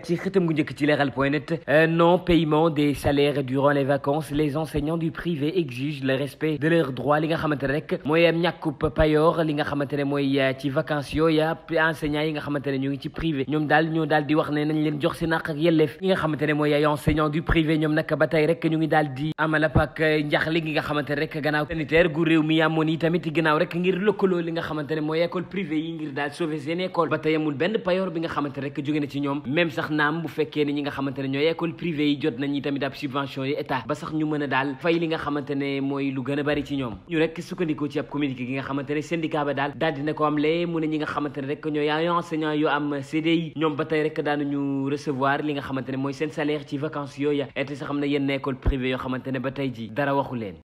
ci xëtam gu njëkk ci leeral point net euh, non paiement des salaires durant les vacances les enseignants du privé exigent le respect de leurs droits li nga xamante ne rek mooy am ñàkkub li nga xamante ne mooy euh, ci vacances yooya ah, enseignants yi nga xamante ne ñu ngi ci privé ñoom daal ñoo daal di wax ne nañ leen jox seen àq ak nga xamante ne mooy ay enseignants du privé ñoom nag ba rek ñu ngi daal di amal ak euh, njaxle gi nga xamante ne rek gannaaw sanitaire gu réew mi amoon yi tamit gannaaw rek ngir lëkkaloo li nga xamante ne mooy école privée yi ngir daal sauver seen école ba benn payoor bi nga xamante rek jóge na ci ñoom même sax naam bu fekkee ne ñi nga xamante ne ñooy école privée yi jot nañ tamit ab subvention yi état ba sax ñu mën a daal fay li nga xamante ne mooy lu gën a bari ci ñoom ñu rek sukkandikoo ci ab communiqué gi nga xamante ne syndicat ba daal daal dina ko am lee mu ne ñi nga xamante ne rek ñooy ay enseignant yu am CDI ñoom ba tey rek daanuñu recevoir li nga xamante ne mooy seen salaire ci vacances yooya et sax xam ne yenn école privée yoo xamante ne ba tey ji dara waxu leen